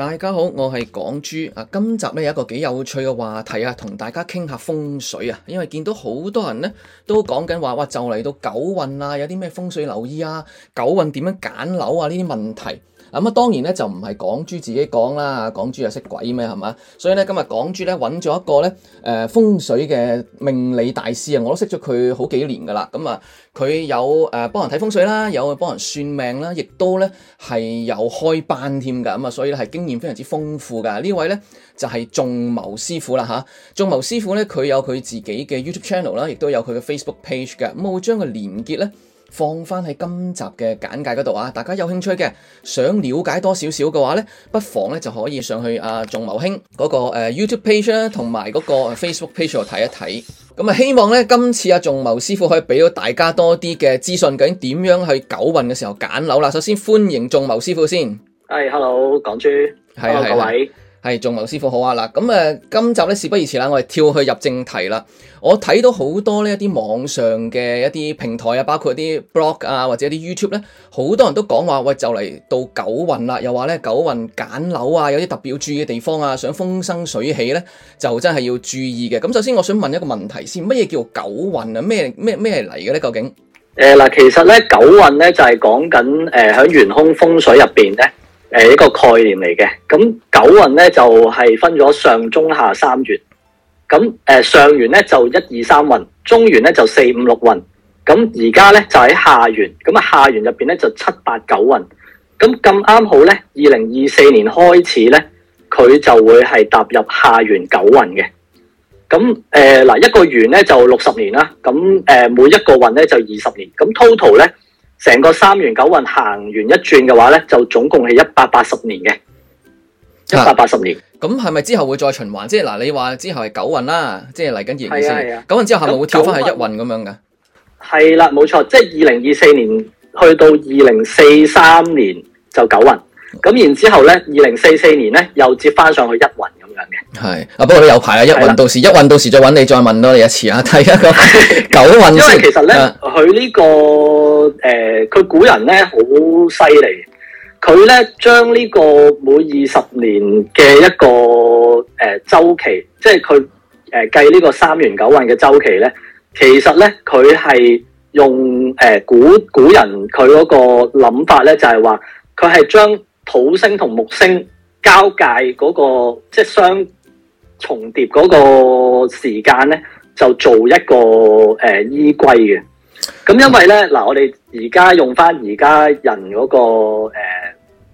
大家好，我係港珠啊，今集咧有一個幾有趣嘅話題啊，同大家傾下風水啊，因為見到好多人咧都講緊話，哇，就嚟到九運啊，有啲咩風水留意啊，九運點樣揀樓啊呢啲問題。咁啊，當然咧就唔係港珠自己講啦，港珠就識鬼咩係嘛？所以咧今日港珠咧揾咗一個咧誒風水嘅命理大師啊，我都識咗佢好幾年噶啦，咁啊佢有誒幫人睇風水啦，有幫人算命啦，亦都咧係有開班添噶，咁啊所以咧係經，非常之豐富㗎，呢位呢就係仲謀師傅啦嚇。啊、仲謀師傅呢，佢有佢自己嘅 YouTube channel 啦，亦都有佢嘅 Facebook page 嘅。咁我會將個連結呢放翻喺今集嘅簡介嗰度啊。大家有興趣嘅，想了解多少少嘅話呢，不妨呢就可以上去阿仲謀兄嗰個 YouTube page 啦，同埋嗰個 Facebook page 度睇一睇。咁啊，希望呢，今次阿仲謀師傅可以俾到大家多啲嘅資訊，究竟點樣去九運嘅時候揀樓啦。首先歡迎仲謀師傅先。係，Hello，港豬。係各位，係仲謀師傅好啊！嗱，咁誒，今集咧，事不宜遲啦，我哋跳去入正題啦。我睇到好多呢一啲網上嘅一啲平台啊，包括一啲 blog 啊，或者一啲 YouTube 咧，好多人都講話喂，就嚟到九運啦，又話咧九運揀樓啊，有啲特別要注意嘅地方啊，想風生水起咧，就真係要注意嘅。咁首先，我想問一個問題先，乜嘢叫做九運啊？咩咩咩嚟嘅咧？究竟誒嗱、呃，其實咧九運咧就係講緊誒喺玄空風水入邊咧。誒，一個概念嚟嘅。咁九運咧就係、是、分咗上、中、下三元。咁誒、呃，上元咧就一二三運，中元咧就四五六運。咁而家咧就喺下元。咁啊，下元入邊咧就七八九運。咁咁啱好咧，二零二四年開始咧，佢就會係踏入下元九運嘅。咁誒，嗱、呃、一個元咧就六十年啦。咁誒、呃，每一個運咧就二十年。咁 total 咧。成個三元九運行完一轉嘅話咧，就總共係一百八十年嘅一百八十年。咁係咪之後會再循環？即係嗱，你話之後係九運啦，即係嚟緊二零二四年、啊啊、九運之後，係咪會跳翻去一運咁樣噶？係啦、啊，冇錯，即係二零二四年去到二零四三年就九運，咁、嗯、然之後咧，二零四四年咧又接翻上去一運咁樣嘅。係啊，不過佢有排啊，一運到時一運到時再揾你再問多你一次啊。第一個 九運，因為其實咧佢呢、啊這個。誒，佢、呃、古人咧好犀利，佢咧將呢個每二十年嘅一個誒、呃、周期，即係佢誒計呢個三元九運嘅周期咧，其實咧佢係用誒、呃、古古人佢嗰個諗法咧，就係話佢係將土星同木星交界嗰、那個即係相重疊嗰個時間咧，就做一個誒、呃、依歸嘅。咁因為咧，嗱，我哋而家用翻而家人嗰個誒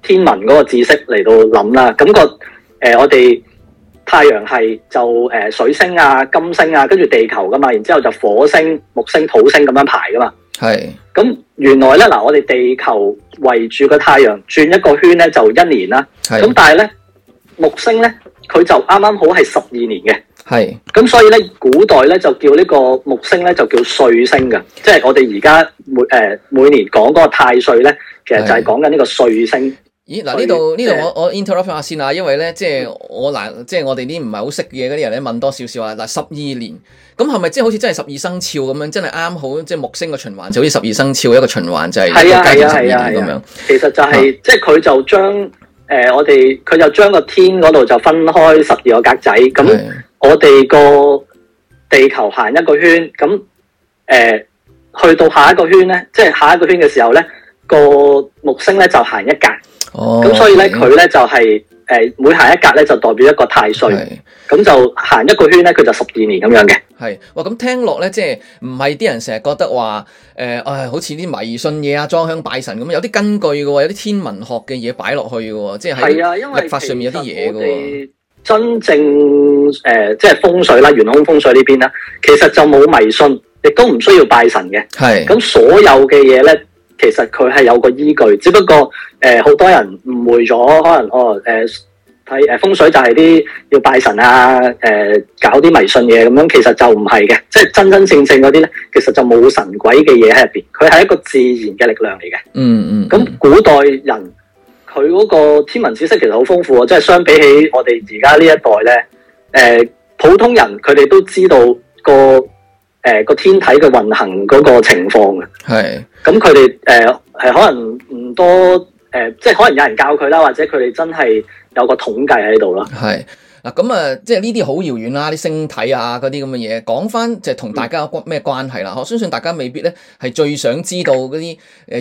天文嗰個知識嚟到諗啦，咁個誒我哋太陽系就誒水星啊、金星啊，跟住地球噶嘛，然之後就火星、木星、土星咁樣排噶嘛。係是。咁原來咧，嗱、呃，我哋地球圍住個太陽轉一個圈咧，就一年啦。係是。咁但係咧，木星咧，佢就啱啱好係十二年嘅。係，咁是所以咧，古代咧就叫呢個木星咧，就叫歲星噶，即係我哋而家每誒、呃、每年講嗰個太歲咧，其實就係講緊呢個歲星。的以咦，嗱呢度呢度我我 interrupt 下先啊，因為咧即係我嗱，即係我哋啲唔係好識嘢嗰啲人咧問多少少啊。嗱，十二年，咁係咪即係好似真係十二生肖咁樣？真係啱好，即係木星個循環，就好似十二生肖一個循環的就係。係啊係啊係啊，其實就係、是，即係佢就將誒我哋佢就將個天嗰度就分開十二個格仔咁。我哋個地球行一個圈，咁誒、呃，去到下一個圈咧，即係下一個圈嘅時候咧，個木星咧就行一格，咁、哦、所以咧佢咧就係、是、誒每行一格咧就代表一個太歲，咁的就行一個圈咧佢就十二年咁樣嘅。係，哇！咁聽落咧，即係唔係啲人成日覺得話誒誒，好似啲迷信嘢啊，裝香拜神咁，有啲根據嘅喎，有啲天文學嘅嘢擺落去嘅喎，即係係啊，因為立法上面有啲嘢嘅，其實我哋。真正誒、呃、即係風水啦，玄空風水呢邊啦，其實就冇迷信，亦都唔需要拜神嘅。咁係所有嘅嘢咧，其實佢係有個依據，只不過誒好、呃、多人誤會咗，可能哦睇誒、呃、風水就係啲要拜神啊，誒、呃、搞啲迷信嘢咁樣，其實就唔係嘅，即係真真正正嗰啲咧，其實就冇神鬼嘅嘢喺入邊，佢係一個自然嘅力量嚟嘅。嗯，嗯嗯，咁古代人。佢嗰個天文知識其實好豐富啊，即係相比起我哋而家呢一代咧，誒普通人佢哋都知道個誒個、呃、天體嘅運行嗰個情況嘅。係咁是，佢哋誒係可能唔多誒、呃，即係可能有人教佢啦，或者佢哋真係有個統計喺度咯。係嗱，咁啊，即係呢啲好遙遠啦，啲星體啊嗰啲咁嘅嘢。講翻即係同大家咩關係啦？嗯、我相信大家未必咧係最想知道嗰啲誒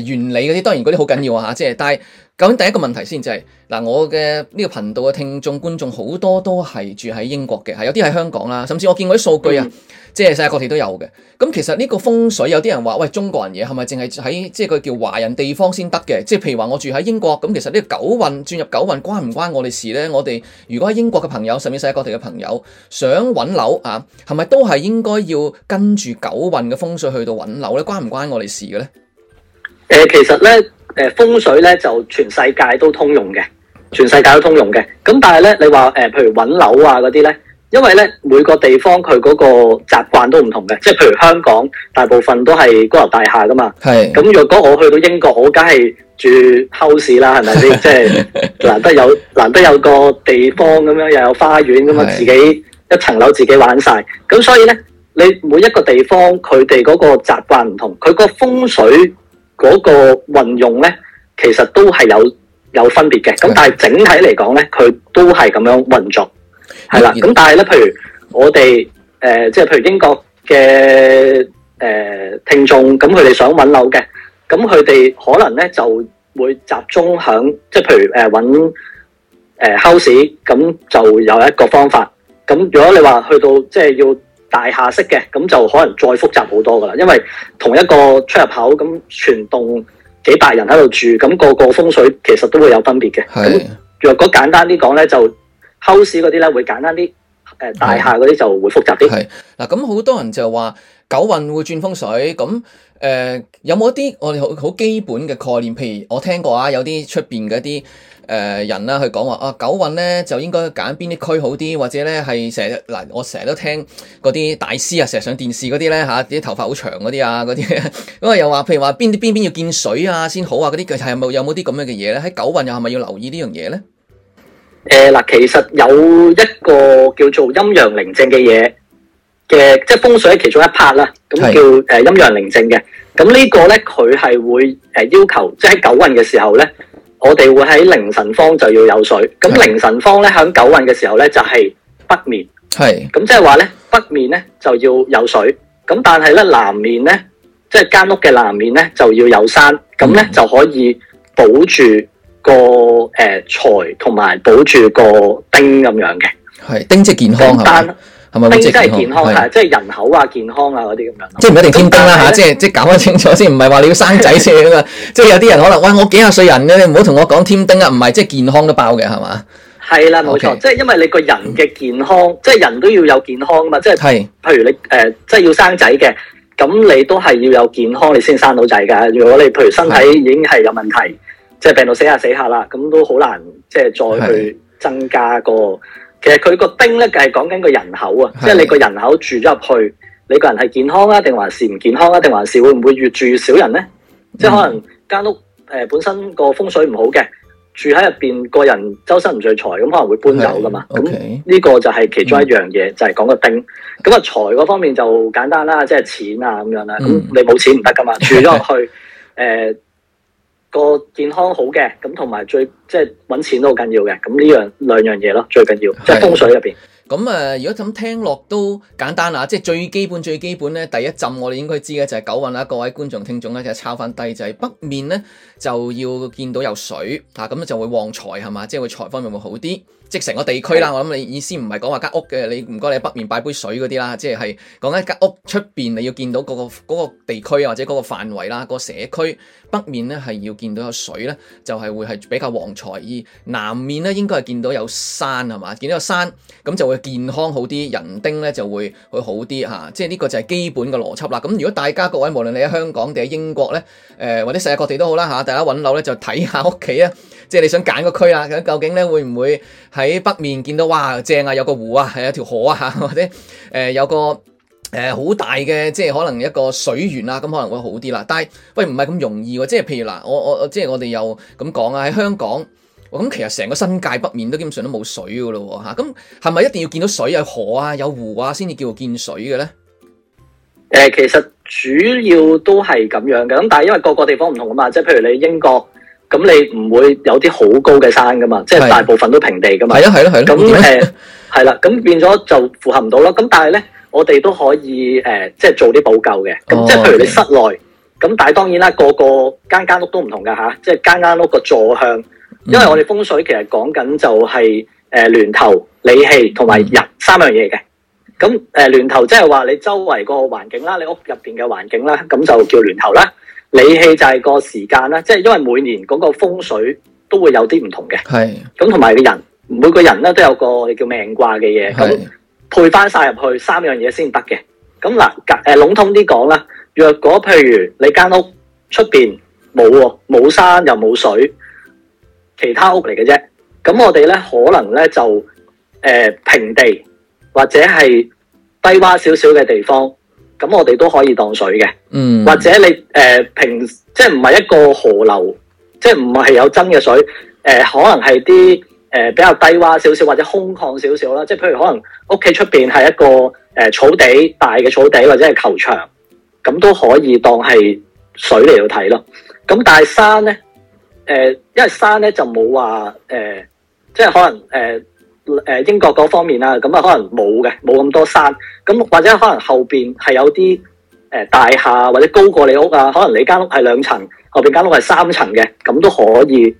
原理嗰啲，當然嗰啲好緊要啊，即係但係。究竟第一個問題先，就係、是、嗱，我嘅呢個頻道嘅聽眾觀眾好多都係住喺英國嘅，係有啲喺香港啦，甚至我見過啲數據啊，嗯、即係世界各地都有嘅。咁其實呢個風水有啲人話，喂，中國人嘢，係咪淨係喺即係佢叫華人地方先得嘅？即係譬如話我住喺英國，咁其實呢個九運轉入九運，關唔關我哋事咧？我哋如果喺英國嘅朋友，甚至世界各地嘅朋友想搵樓啊，係咪都係應該要跟住九運嘅風水去到搵樓咧？關唔關我哋事嘅咧？誒，其實咧。誒風水咧就全世界都通用嘅，全世界都通用嘅。咁但係咧，你話誒、呃，譬如揾樓啊嗰啲咧，因為咧每個地方佢嗰個習慣都唔同嘅，即係譬如香港大部分都係高樓大廈噶嘛。係是。咁若果我去到英國，我梗係住 house 啦，係咪？即係 難得有難得有個地方咁樣又有花園咁樣，是自己一層樓自己玩晒。咁所以咧，你每一個地方佢哋嗰個習慣唔同，佢個風水，嗰個運用咧，其實都係有有分別嘅。咁但係整體嚟講咧，佢都係咁樣運作，係啦。咁但係咧，譬如我哋誒，即係譬如英國嘅誒聽眾，咁佢哋想揾樓嘅，咁佢哋可能咧就會集中喺，即係譬如誒揾誒 house，咁就有一個方法。咁如果你話去到即係要。大廈式嘅咁就可能再複雜好多㗎喇，因為同一個出入口咁全棟幾百人喺度住，咁、那個個風水其實都會有分別嘅。咁是若果簡單啲講呢，就 house 嗰啲呢會簡單啲，大廈嗰啲就會複雜啲。嗱，咁好多人就話。九運會轉風水咁，誒、呃、有冇一啲我哋好好基本嘅概念？譬如我聽過啊，有啲出邊嘅一啲誒人啦，佢講話啊九運咧就應該揀邊啲區好啲，或者咧係成日，嗱我成日都聽嗰啲大師啊，成日上電視嗰啲咧吓，啲頭髮好長嗰啲啊嗰啲，咁啊又話譬如話邊邊邊要見水啊先好啊嗰啲，係冇，有冇啲咁樣嘅嘢咧？喺九運又係咪要留意呢樣嘢咧？誒，嗱，其實有一個叫做陰陽零正嘅嘢。嘅即係風水其中一 part 啦，咁叫誒陰陽寧靜嘅。咁是呢個咧佢係會誒要求，即係喺九運嘅時候咧，我哋會喺凌晨方就要有水。咁是凌晨方咧響九運嘅時候咧就係、是、北面，係咁即係話咧北面咧就要有水。咁但係咧南面咧，即係間屋嘅南面咧就要有山。咁咧、嗯、就可以保住個誒財同埋保住個丁咁樣嘅。係丁即健康係。單即係健康係，即係人口啊、健康啊嗰啲咁樣。即係唔一定添丁啦嚇，即係即係搞清楚先，唔係話你要生仔先嘅。即係有啲人可能喂，我幾廿歲人嘅，你唔好同我講添丁啊！唔係，即係健康都包嘅係嘛？係啦，冇錯，即係因為你個人嘅健康，即係人都要有健康啊嘛。即係譬如你誒，即係要生仔嘅，咁你都係要有健康，你先生到仔㗎。如果你譬如身體已經係有問題，即係病到死下死下啦，咁都好難，即係再去增加個。其實佢個丁咧，就係講緊個人口啊，是的 即係你個人口住咗入去，你個人係健康啊，定還是唔健康啊，定還是會唔會越住越少人咧？嗯、即係可能間屋誒、呃、本身個風水唔好嘅，住喺入邊個人周身唔聚財，咁可能會搬走噶的嘛。咁呢 okay 個就係其中一樣嘢。嗯、就係講個丁。咁啊財嗰方面就簡單啦，即係錢啊咁樣啦。咁、嗯、你冇錢唔得噶嘛，嗯、住咗入去誒。Okay 呃個健康好嘅，咁同埋最即係搵錢都好緊要嘅，咁呢樣兩樣嘢咯，最緊要的即係風水入邊。咁誒，如果咁聽落都簡單啦，即係最基本最基本咧，第一浸我哋應該知嘅就係九運啦。各位觀眾聽眾咧就是、抄翻低就係、是、北面咧就要見到有水吓，咁、啊、就會旺財係嘛，即係會財方面會好啲。即成個地區啦，我諗你意思唔係講話間屋嘅，你唔該你喺北面擺杯水嗰啲啦，即係係講緊一間屋出邊，你要見到嗰、嗰個嗰個地區或者嗰個範圍啦，個社區北面咧係要見到有水咧，就係、係、會係比較旺財意。南面咧應該係見到有山係嘛，見到有山咁就會健康好啲，人丁咧就會會好啲、啊、即係呢個就係基本嘅邏輯啦。咁、啊、如果大家各位無論你喺香港定喺英國咧、呃，或者世界各地都好啦、啊、大家揾樓咧就睇下屋企啊，即係你想揀個區啊，究竟咧會唔會？喺北面見到哇正啊，有個湖啊，係有一條河啊，或者誒、呃、有個誒好、呃、大嘅，即係可能一個水源啊，咁可能會好啲啦。但係喂，唔係咁容易喎，即係譬如嗱，我我即係我哋又咁講啊，喺香港咁，其實成個新界北面都基本上都冇水噶咯嚇，咁係咪一定要見到水有河啊、有湖啊先至叫做見水嘅咧？誒，其實主要都係咁樣嘅，咁但係因為個個地方唔同啊嘛，即係譬如你英國。咁你唔會有啲好高嘅山噶嘛？即係大部分都平地噶嘛？係啊，係咯，係咯。咁係啦，咁變咗就符合唔到咯。咁但係咧，我哋都可以、呃、即係做啲補救嘅。咁即係譬如你室內，咁、哦 okay. 但係當然啦，個個間間屋都唔同㗎吓、啊。即係間間屋個坐向，嗯、因為我哋風水其實講緊就係誒巒頭理氣同埋人三樣嘢嘅。咁誒巒頭即係話你周圍個環境啦，你屋入面嘅環境啦，咁就叫巒頭啦。理氣就係個時間啦，即係因為每年嗰個風水都會有啲唔同嘅。係咁，同埋個人，每個人咧都有個你叫命卦嘅嘢，咁是配翻晒入去三樣嘢先得嘅。咁嗱，誒籠統啲講啦，若果譬如你間屋出邊冇喎，冇山又冇水，其他屋嚟嘅啫。咁我哋咧可能咧就誒、呃、平地或者係低窪少少嘅地方。咁我哋都可以當水嘅，嗯、或者你、呃、平即係唔係一個河流，即係唔係有真嘅水、呃，可能係啲誒比較低窪少少或者空曠少少啦，即係譬如可能屋企出邊係一個、呃、草地大嘅草地或者係球場，咁都可以當係水嚟到睇咯。咁但係山咧，誒、呃、因為山咧就冇話誒，即係可能誒。呃誒英國嗰方面啦，咁啊可能冇嘅，冇咁多山。咁或者可能後面係有啲誒大廈或者高過你屋啊，可能你間屋係兩層，後邊間屋係三層嘅，咁都可以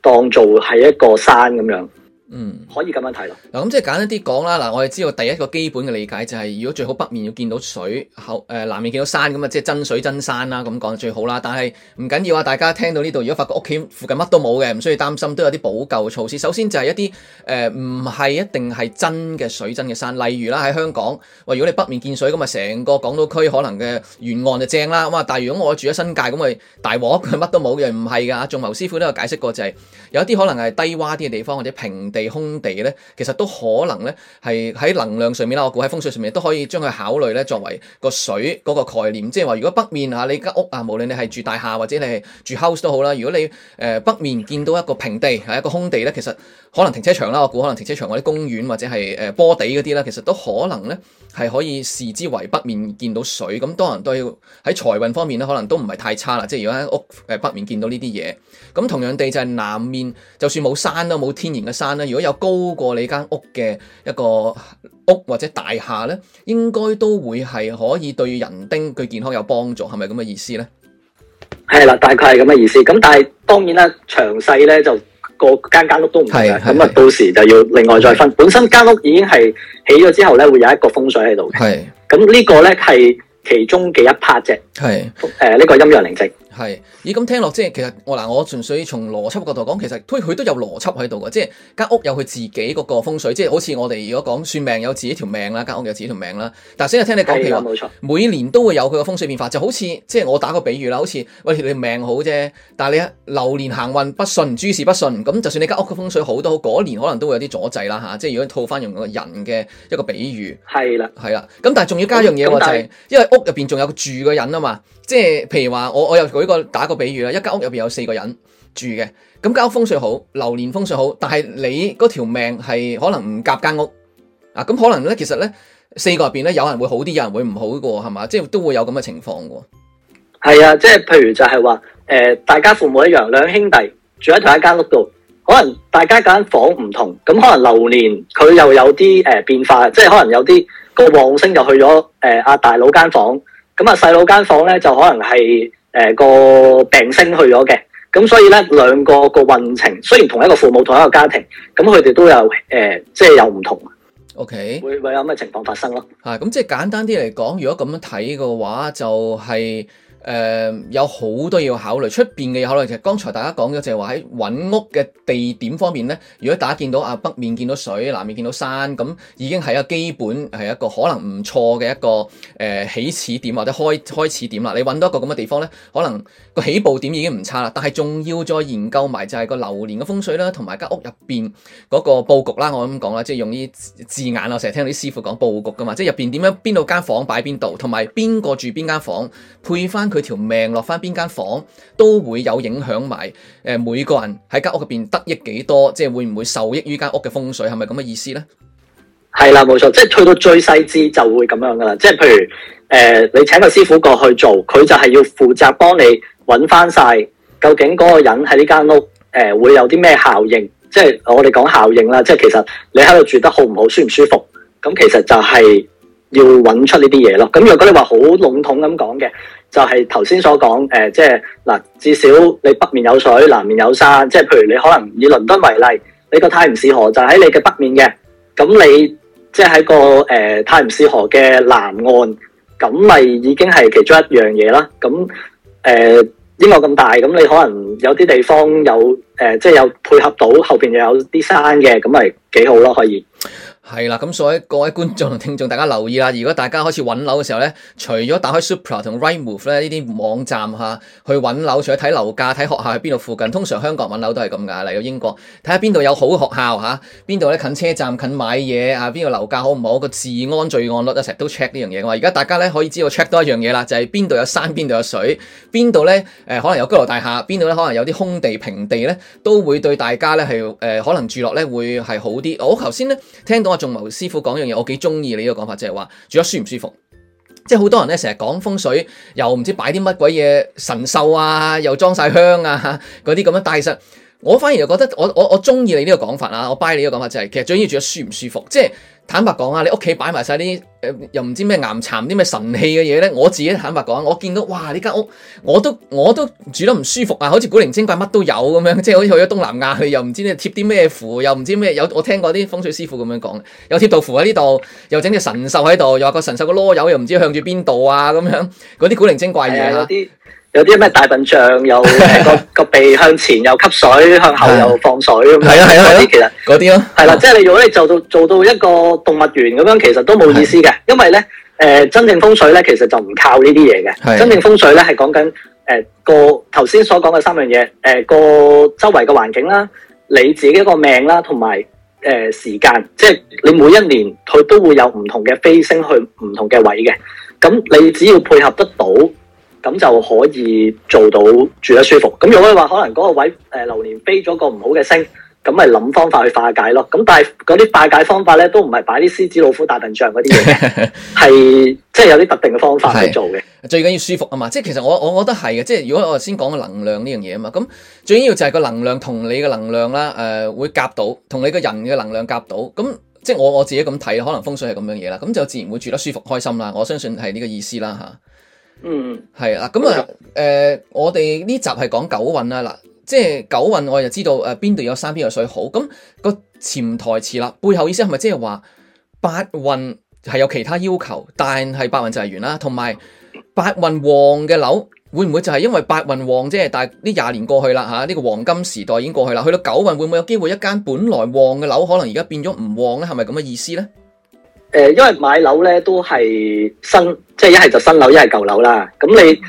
當做係一個山咁樣。嗯，可以咁樣睇咯。嗱、嗯，咁即係簡單啲講啦。嗱，我哋知道第一個基本嘅理解就係、是，如果最好北面要見到水，後誒南面見到山，咁啊即係真水真山啦。咁講最好啦。但係唔緊要啊，大家聽到呢度，如果發覺屋企附近乜都冇嘅，唔需要擔心，都有啲補救措施。首先就係一啲誒唔係一定係真嘅水真嘅山，例如啦喺香港，喂，如果你北面見水，咁啊成個港島區可能嘅沿岸就正啦。咁啊，但係如果我住咗新界，咁咪大鑊，佢乜都冇嘅，唔係噶。仲謀師傅都有解釋過、就是，就係有一啲可能係低窪啲嘅地方或者平地空地咧，其實都可能咧，係喺能量上面啦。我估喺風水上面都可以將佢考慮咧，作為個水嗰個概念。即係話如果北面嚇你間屋啊，無論你係住大廈或者你係住 house 都好啦。如果你誒北面見到一個平地係一個空地咧，其實可能停車場啦。我估可能停車場或者公園或者係誒波地嗰啲咧，其實都可能咧係可以視之為北面見到水。咁當然對喺財運方面咧，可能都唔係太差啦。即係如果喺屋誒北面見到呢啲嘢，咁同樣地就係南面，就算冇山都冇天然嘅山咧，如果有高過你間屋嘅一個屋或者大廈咧，應該都會係可以對人丁、對健康有幫助，係咪咁嘅意思咧？係啦，大概係咁嘅意思。咁但係當然啦，詳細咧就個間間屋都唔同嘅，咁啊就的到時就要另外再分。Okay. 本身間屋已經係起咗之後咧，會有一個風水喺度嘅。係咁呢個咧，係其中嘅一 part 啫。係誒的，呢、呃這個陰陽零正。係，咦？咁聽落即係其實我嗱，我純粹從邏輯角度講，其實推佢都有邏輯喺度嘅，即係間屋有佢自己嗰個風水，即係好似我哋如果講算命有自己條命啦，間屋有自己條命啦。但係先係聽你講，的譬如話冇錯每年都會有佢個風水變化，就好似即係我打個比喻啦，好似喂你命好啫，但係你流年行運不順，諸事不順，咁就算你間屋嘅風水好都好，嗰年可能都會有啲阻滯啦吓。即係如果你套翻用個人嘅一個比喻，係啦的，係啦。咁但係仲要加一樣嘢話就係，因為屋入邊仲有住嘅人啊嘛，即係譬如話我我有個打個比喻啦，一間屋入邊有四個人住嘅，咁間屋風水好，流年風水好，但係你嗰條命係可能唔夾間屋啊，咁可能咧，其實咧，四個入邊咧，有人會好啲，有人會唔好嘅，係嘛，即係都會有咁嘅情況嘅。係啊，即係譬如就係話，誒、呃，大家父母一樣，兩兄弟住喺同一間屋度，可能大家間房唔同，咁可能流年佢又有啲誒、呃、變化，即係可能有啲個旺星就去咗誒阿大佬間房，咁啊細佬間房咧就可能係。誒個病星去咗嘅，咁所以咧，兩個個運程雖然同一個父母同一個家庭，咁佢哋都有誒、呃，即係有唔同。OK 會會有咩情況發生咯？係、啊，咁即係簡單啲嚟講，如果咁樣睇嘅話，就係、是。誒、呃、有好多要考慮，出面嘅考慮。其實剛才大家講嘅就係話喺揾屋嘅地點方面呢。如果大家見到啊北面見到水，南面見到山，咁已經係一個基本係一個可能唔錯嘅一個誒、呃、起始點或者開開始點啦。你揾到一個咁嘅地方呢，可能個起步點已經唔差啦。但係仲要再研究埋就係個流年嘅風水啦，同埋間屋入面嗰個佈局啦。我咁講啦，即係用啲字眼啦，我成日聽到啲師傅講佈局噶嘛，即係入面點樣邊度間房擺邊度，同埋邊個住邊間房配翻。佢條命落翻邊間房，都會有影響埋。誒、呃，每個人喺間屋入邊得益幾多，即係會唔會受益於間屋嘅風水？係咪咁嘅意思呢？係啦，冇錯，即係去到最細致就會咁樣噶啦。即係譬如誒、呃，你請個師傅過去做，佢就係要負責幫你揾翻晒究竟嗰個人喺呢間屋誒、呃，會有啲咩效應。即係我哋講效應啦，即係其實你喺度住得好唔好，舒唔舒服，咁其實就係要揾出呢啲嘢咯。咁如果你話好籠統咁講嘅。就係頭先所講，誒即係嗱，至少你北面有水，南面有山，即係譬如你可能以倫敦為例，你個泰晤士河就喺你嘅北面嘅，咁你即係喺個誒、呃、泰晤士河嘅南岸，咁咪已經係其中一樣嘢啦。咁誒、呃、英國咁大，咁你可能有啲地方有誒，即、呃、係、就是、有配合到後面又有啲山嘅，咁咪幾好咯，可以。係啦，咁所以各位觀眾同聽眾大家留意啦。如果大家開始揾樓嘅時候呢，除咗打開 Supra 同 Rightmove 咧，呢啲網站吓，去揾樓，除咗睇樓價、睇學校喺邊度附近，通常香港揾樓都係咁噶。嚟到英國，睇下邊度有好嘅學校吓，邊度呢？近車站、近買嘢啊，邊度樓價好唔好，個治安最、罪案率咧成日都 check 呢樣嘢噶嘛。而家大家呢可以知道 check 多一樣嘢啦，就係邊度有山、邊度有水，邊度呢？誒、呃、可能有高樓大廈，邊度呢？可能有啲空地、平地呢，都會對大家呢係誒可能住落呢會係好啲。我頭先呢聽到。仲謀師傅講一樣嘢，我幾中意你呢個講法，就係話住得舒唔舒服，即係好多人咧成日講風水，又唔知擺啲乜鬼嘢神獸啊，又裝晒香啊嗰啲咁樣。但係其實我反而又覺得，我我我中意你呢個講法啦。我 buy 你呢個講法，就係其實最緊要住得舒唔舒服，即係。坦白講啊，你屋企擺埋晒啲又唔知咩岩蠶啲咩神器嘅嘢咧，我自己坦白講，我見到哇呢間屋，我都我都住得唔舒服啊！好似古靈精怪乜都有咁樣，即係好似去咗東南亞，又唔知你貼啲咩符，又唔知咩，有我聽過啲風水師傅咁樣講，有貼道符喺呢度，又整隻神獸喺度，又話個神獸個囉柚，又唔知向住邊度啊咁樣，嗰啲古靈精怪嘢有啲咩大笨象，又 個個鼻向前，又吸水，向後又放水咁。係啊係啊，嗰啲其實嗰啲咯，係啦，即係你如果你做到做到一個動物園咁樣，其實都冇意思嘅。的因為咧，誒、呃，真正風水咧，其實就唔靠呢啲嘢嘅。的真正風水咧，係講緊誒個頭先所講嘅三樣嘢，誒、呃、個周圍嘅環境啦，你自己個命啦，同埋誒時間，即、就、係、是、你每一年佢都會有唔同嘅飛星去唔同嘅位嘅。咁你只要配合得到。咁就可以做到住得舒服。咁如果話可能嗰個位誒流年飛咗個唔好嘅星，咁咪諗方法去化解咯。咁但係嗰啲化解方法咧，都唔係擺啲獅子老虎大笨象嗰啲嘢，係即係有啲特定嘅方法去 做嘅。最緊要舒服啊嘛，即係其實我我我覺得係嘅。即係如果我先講個能量呢樣嘢啊嘛，咁最緊要就係個能量同你嘅能量啦，誒、呃、會夾到，同你個人嘅能量夾到。咁即係我我自己咁睇，可能風水係咁樣嘢啦。咁就自然會住得舒服開心啦。我相信係呢個意思啦，吓。啊嗯，係啦，咁啊，誒、呃，我哋呢集係講九運啦，嗱，即係九運我就知道誒邊度有山邊有水好，咁個潛台詞啦，背後意思係咪即係話八運係有其他要求，但係八運就係完啦，同埋八運旺嘅樓會唔會就係因為八運旺，即係但呢廿年過去啦吓，呢、啊這個黃金時代已經過去啦，去到九運會唔會有機會一間本來旺嘅樓可能而家變咗唔旺咧？係咪咁嘅意思咧？呃、因為買樓咧都係新，即係一係就新樓，一係舊樓啦。咁你、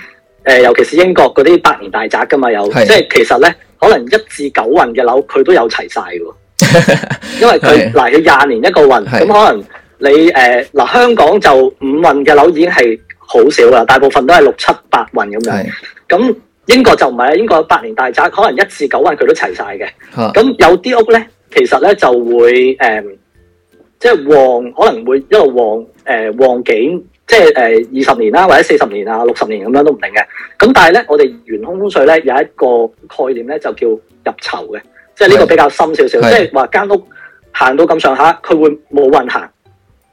呃、尤其是英國嗰啲百年大宅㗎嘛，有，是的 即係其實咧，可能一至九運嘅樓，佢都有齊晒嘅。因為佢嗱，佢廿是的 年一個運，咁是的 可能你誒嗱、呃，香港就五運嘅樓已經係好少啦，大部分都係六七八運咁樣。咁是的 英國就唔係啦，英國百年大宅，可能一至九運佢都齊晒嘅。咁是的 有啲屋咧，其實咧就會、嗯即係旺，可能會一路旺，誒、呃、旺幾，即係誒二十年啦，或者四十年啊，六十年咁樣都唔定嘅。咁但係咧，我哋玄空風水咧有一個概念咧，就叫入囚嘅，即係呢個比較深少少是，即係話間屋行到咁上下，佢會冇運行，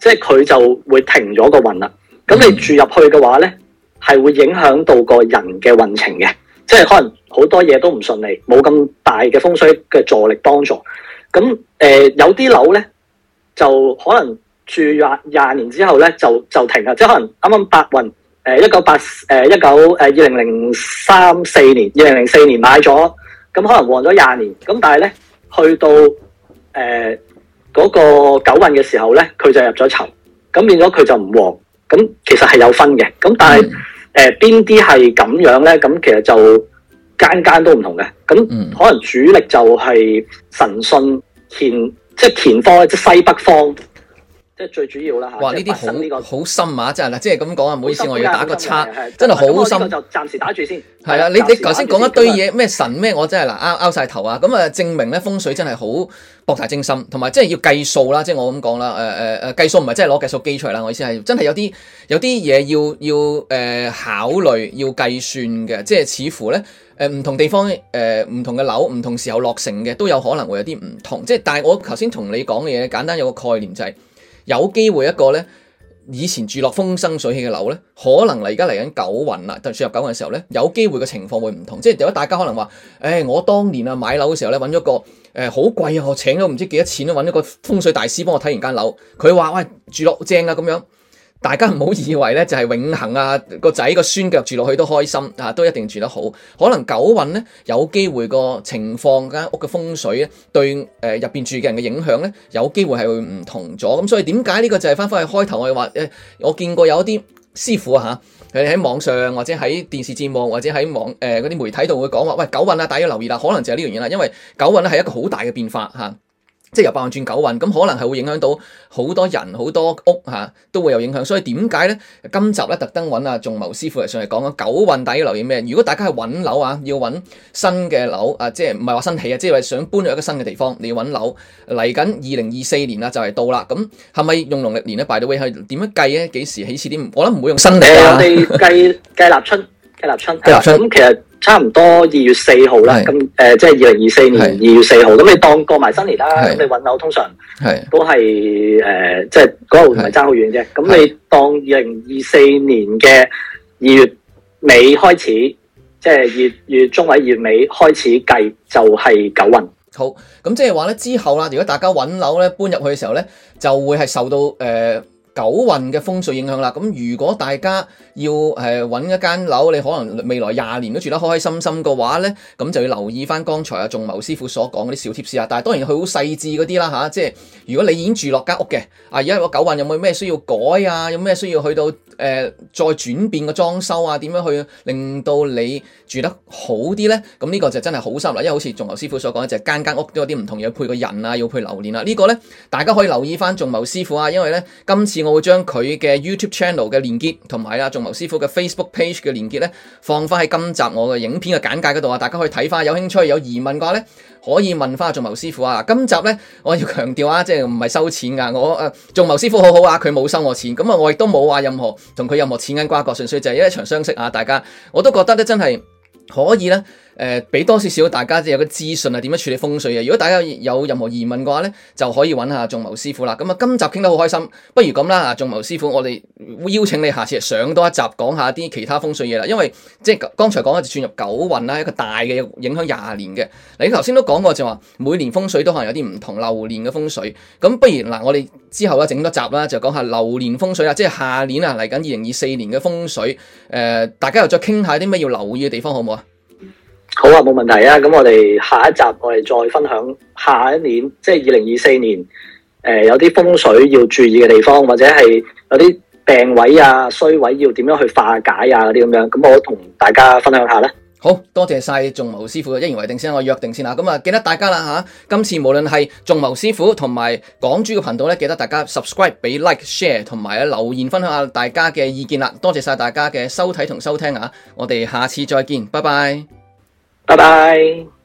即係佢就會停咗個運啦。咁你住入去嘅話咧，係會影響到個人嘅運程嘅，即係可能好多嘢都唔順利，冇咁大嘅風水嘅助力幫助。咁誒、呃、有啲樓咧，就可能住廿廿年之後咧，就就停啦。即係可能啱啱八運誒、呃、一九八誒、呃、一九誒二零零三四年、二零零四年買咗，咁可能旺咗廿年。咁但係咧，去到誒嗰、呃那個九運嘅時候咧，佢就入咗囚，咁變咗佢就唔旺。咁其實係有分嘅。咁但係誒邊啲係咁樣咧？咁其實就間間都唔同嘅。咁可能主力就係神信軒。即係乾方，即係西北方，即係最主要啦嚇。這個、哇！呢啲好好深啊，真係啦，即係咁講啊，唔好意思，深我要打個叉，真係好深。深啊、就暫時打住先。係啊對，對你你頭先講一堆嘢，咩樣神咩，我真係嗱拗拗曬頭啊！咁啊，證明咧風水真係好博大精深，同埋即係要計數啦。即、就、係、是、我咁講啦，誒誒誒，計數唔係真係攞計數機出嚟啦。我意思係真係有啲有啲嘢要要誒、呃、考慮，要計算嘅，即係似乎咧。誒唔、呃、同地方，誒、呃、唔同嘅樓，唔同時候落成嘅，都有可能會有啲唔同。即係，但係我頭先同你講嘅嘢，簡單有個概念，就是，就係有機會一個咧，以前住落風生水起嘅樓咧，可能嚟而家嚟緊九雲啦，住入九運嘅時候咧，有機會嘅情況會唔同。即係如果大家可能話，誒、哎、我當年啊買樓嘅時候咧，揾咗個誒好貴啊，呃、貴我請咗唔知幾多錢都揾咗個風水大師幫我睇完間樓，佢話喂，住落正啊咁樣。大家唔好以為咧，就係永恆啊，個仔個孫腳住落去都開心啊，都一定住得好。可能九運咧有機會個情況間屋嘅風水咧對入、呃、面住嘅人嘅影響咧有機會係會唔同咗。咁所以點解呢個就係翻返去開頭我哋話誒，我見過有一啲師傅啊，佢哋喺網上或者喺電視節目或者喺網誒嗰啲媒體度會講話，喂，九運啊，大家留意啦，可能就係呢樣嘢啦，因為九運咧係一個好大嘅變化、啊即係由八運轉九運，咁可能係會影響到好多人、好多屋、啊、都會有影響。所以點解咧？今集咧特登揾啊，仲謀師傅嚟上嚟講啊九運，大家要留意咩？如果大家係揾樓啊，要揾新嘅樓啊，即係唔係話新起啊？即係想搬咗一個新嘅地方，你要揾樓。嚟緊二零二四年啦、啊，就係、是、到啦。咁係咪用農曆年咧？by the way 點樣計咧？幾時起始啲？我諗唔會用新年、啊呃。我哋計計立春，計立春，立春差唔多二月四號啦，咁誒即係二零二四年二月四號，咁是你當過埋新年啦，咁是你揾樓通常都係誒，即係嗰個唔係爭好遠啫。咁是你當二零二四年嘅二月尾開始，即係二月中或二月尾開始計，就係九運。好，咁即係話咧之後啦，如果大家揾樓咧搬入去嘅時候咧，就會係受到誒。呃九運嘅風水影響啦，咁如果大家要誒揾、呃、一間樓，你可能未來廿年都住得開開心心嘅話咧，咁就要留意翻剛才啊仲謀師傅所講嗰啲小貼士啊。但係當然佢好細緻嗰啲啦吓，即係如果你已經住落間屋嘅，啊而家個九運有冇咩需要改啊？有咩需要去到誒、呃、再轉變個裝修啊？點樣去令到你住得好啲咧？咁呢個就真係好深啦，因為好似仲謀師傅所講就係、是、間間屋都有啲唔同嘢配個人啊，要配流年啊。這個、呢個咧大家可以留意翻仲謀師傅啊，因為咧今次。我會將佢嘅 YouTube channel 嘅連結，同埋啊仲謀師傅嘅 Facebook page 嘅連結咧放翻喺今集我嘅影片嘅簡介嗰度啊，大家可以睇翻，有興趣有疑問嘅話咧可以問翻啊仲謀師傅啊。今集咧我要強調啊，即係唔係收錢噶，我誒仲謀師傅好好啊，佢冇收我錢，咁啊我亦都冇話任何同佢任何錢銀瓜葛，純粹就係一場相識啊。大家我都覺得咧真係可以咧，誒俾、呃、多少少大家即係個資訊啊，點樣處理風水嘅？如果大家有任何疑問嘅話咧，就可以揾下仲謀師傅啦。咁啊，今集傾得好開心，不如咁啦，仲謀師傅，我哋會邀請你下次上多一集，講下啲其他風水嘢啦。因為即係剛才講咗，就進入九運啦，一個大嘅影響廿年嘅。你頭先都講過就話每年風水都可能有啲唔同，流年嘅風水。咁不如嗱，我哋之後咧整多集啦，就講下流年風水啦，即係下年啊，嚟緊二零二四年嘅風水。誒、呃，大家又再傾下啲咩要留意嘅地方，好唔好啊？好啊，冇問題啊。咁我哋下一集，我哋再分享下一年，即係二零二四年誒、呃，有啲風水要注意嘅地方，或者係有啲病位啊、衰位要點樣去化解啊嗰啲咁樣。咁我同大家分享一下啦。好多謝晒仲謀師傅，一言為定先，我先約定先啦。咁啊，記得大家啦吓，今次無論係仲謀師傅同埋港豬嘅頻道咧，記得大家 subscribe、俾 like、share 同埋留言，分享下大家嘅意見啦。多謝晒大家嘅收睇同收聽啊！我哋下次再見，拜拜。拜拜。